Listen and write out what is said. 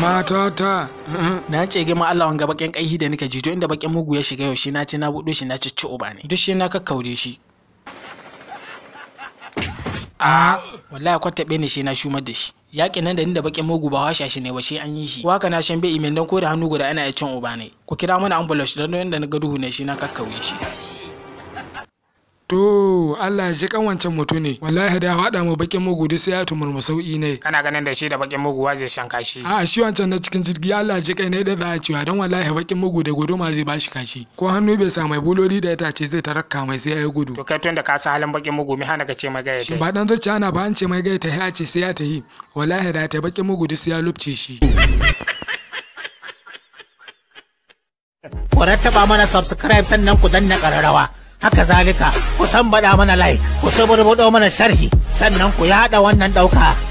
matata na ce gima Allah wanga bakin kaihi da nika jito inda bakin mugu ya shiga yau shi na ce na buɗe shi na ci ci uba ne duk shi na kakkaure shi a wallahi kwata ne shi na shumar da shi Yaƙin nan da inda bakin mugu ba hasha shi ne ba shi an yi shi waka na shan bai imen dan ko da hannu guda ana ya cin uba ne ku kira mana ambulance don inda na ga duhu ne shi na kakkaure shi to Allah ya ji kan wancan ne. wallahi da ya mu bakin mugu da sai ya tumurmu sauki ne kana ganin da shi da bakin mugu wa zai shanka shi a shi wancan na cikin jirgi Allah ya ji kai ne da za a ciwa dan wallahi bakin mugu da ma zai bashi kashi ko hannu bai sa mai buloli da ita ce zai tarakka mai sai ya gudu to kai tun da ka sa halin bakin mugu mi hana ka ce mai gaya ta ba dan zuciya na ba an ce mai gaya ta ya ce sai ya ta yi wallahi da ta bakin mugu da sai ya lubce shi ku rattaba mana subscribe sannan ku danna ƙararrawa haka zalika ku san bada mana like ku saburbudo mana sharhi sannan ku yada wannan dauka